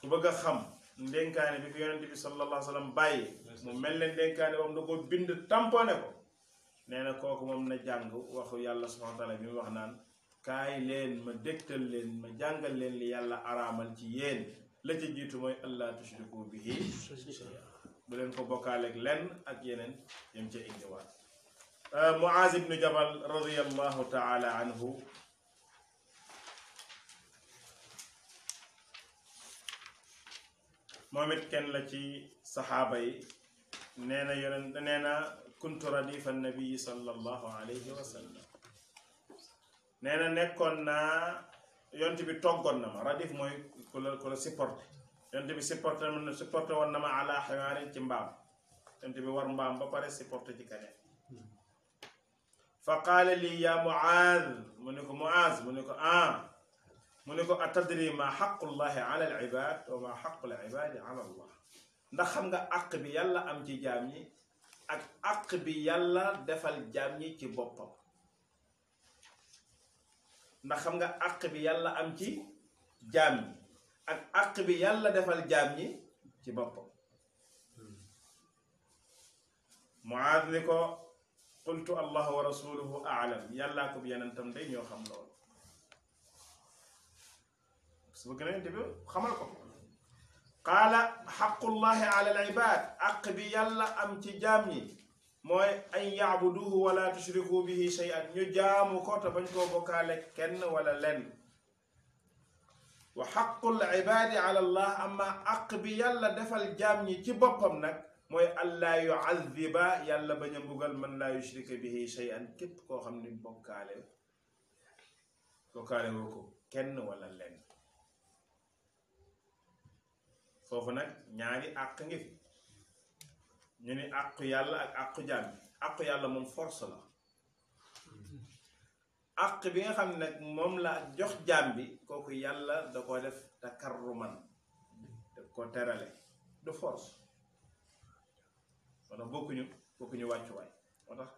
ku bëgg a xam ndénkaane bi fi yonent bi sallallahu alayhi wa sallam bàyyi mu mel ne ndénkaane boobu da ko bind tamponé ko nee na kooku moom na jàng waxu yàlla subhaanahu wa wax naan kaay leen ma dégtal leen ma jàngal leen li yàlla araamal ci yéen la ci jiitu mooy allah tushriku bihi bu leen ko bokkaaleeg lenn ak yeneen yam ca indiwaat euh, muaz ibnu jabal radiallahu taala anhu moom it kenn la ci saxaaba yi nee na yonent kuntu radifa nabii sallallahu alayhi wa sallam nee na nekkoon naa yont bi toggoon na ma radif mooy ku la ku la supporté yont bi woon na ma ala ximaarin ci mbaam yont bi war mbaam ba pare supporté ci kaneen fa qaala lii yaa muaaz mu ko muaaz mu ne ko ah. mu ne ko atadri ma xaqullahi ala al ibad ma allah ndax xam nga àq am ci jaam ñi ak àq bi yàlla defal jaam ñi ci boppam ndax xam nga àq bi yàlla am ci jaam ñi ak àq bi yàlla defal jaam ñi ci boppam Muaaz ni ko qultu allah wa rasuluhu aalam yàllaa ko bi yenentam day ñoo xam loolu su bëgg na yonent bi xamal ko qaala xaqullahi ala al ibaad aq bi yàlla am ci jaam ñi mooy an yaabuduhu wala tushriku bihi shay'an ñu jaamu ko te bañ koo bokkaale kenn wala lenn wa xaqul ibaadi ala allah amma aq bi yàlla defal jaam ñi ci boppam nag mooy allaa yuaziba yàlla bañ a mbugal man laa yushrika bihi shay'an képp koo xam ni bokkaale bokkaale woo ko kenn wala lenn foofu nag ñaari àq ngi ñu ni àqu yàlla ak àqu jaam àqu yàlla moom force la àq bi nga xam ne moom la jox jaam bi kooku yàlla da ko def takarruman da ko terale du force wala bokkuñu bokkuñu wàccuwaay moo tax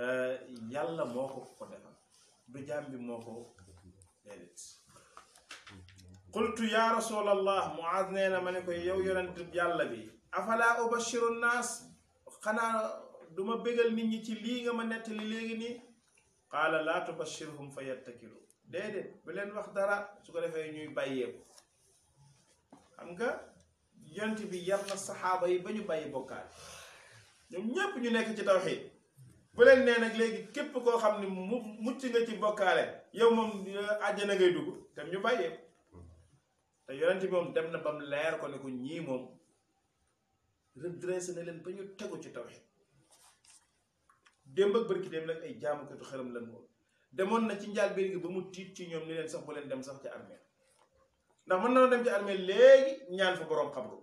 euh, yàlla moo ko ko defal du jaam moo ko déedéet qultu yaa rasulallah muaz nee na ma ne ko yow yonent yàlla bi afala ubashiru naas xanaa duma bégal nit ñi ci lii nga ma nettali léegi nii qaala laa tubashirhum fa yattakilu de bu leen wax dara su ko defee ñuy bàyyeeku xam nga yonent bi yar na saxaaba yi ba ñu bàyyi bokkaale ñoom ñépp ñu nekk ci tawxiid bu leen nee nag léegi képp koo xam ne mu mucc nga ci bokkaale yow moom eh, àjjana ngay dugg tam ñu bàyyeeku te yonent bi moom dem na ba mu leer ko ne ko ñii moom redressé na leen ba ñu tegu ci tawhid démb ak bërki dem nag ay jaamukatu xelam lan woon demoon na ci njaal ba mu tiit ci ñoom leen sax leen dem sax ci armée ndax mën na dem ci armée léegi ñaan fa boroom xabru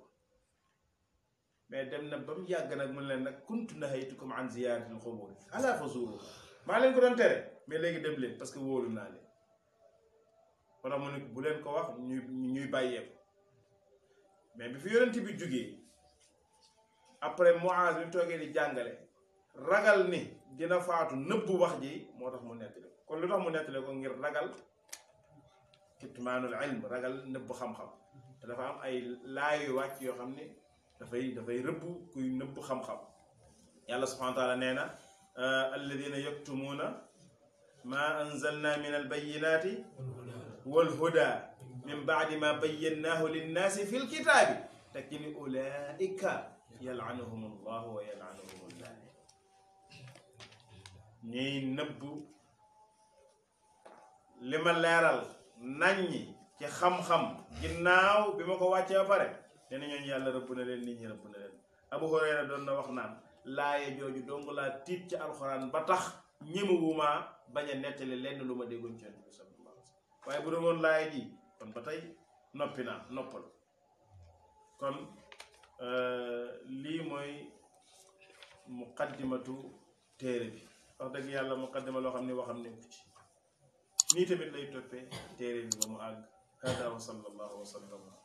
mais dem na ba mu yàgg nag mun leen nag kuntu nahaytukum an ziyaaratil qubur ala fa zuuru maa leen ko doon tere mais léegi dem leen parce que wóolu naa leen moo tax mu ne bu leen ko wax ñuy ñuy bàyyeeku mais bi fi yonent bi jugee après Muaz bi toogee di jàngale ragal ni dina faatu nëbbu wax ji moo tax mu nettali ko kon lu tax mu nettali ko ngir ragal kitmaanul ilm ragal nëbbu xam-xam te dafa am ay laayu yu wàcc yoo xam ne dafay dafay rëbb kuy nëbbu xam-xam yàlla subhaanahu wa taala nee na alladina yaktumuuna ma anzalna min albayinati wal huda min baadi ma bayyannaahu linnaasi fi lkitaabi teg ci ni ulaika yalanuhum allahu wa yalanuhum llahi ñuy nëbb li ma leeral naññi ci xam-xam ginnaaw bi ma ko wàccee ba pare te ni ñooñu yàlla rëbb na leen nit ñi rëbb na leen abu hurayra doon na wax naan laaye jooju dong tiit ci alxuraan ba tax ñemu wumaa bañ a nettali lenn lu ma déggoon ci yonent waaye bu dul laay ji kon ba tey noppi naa noppal kon euh, lii mooy muqaddimatu téere bi wax dëgg yàlla muqaddima loo xam ne waxam ne ci nii tamit lay toppee téere bi ba mu àgg hada wa wa sallama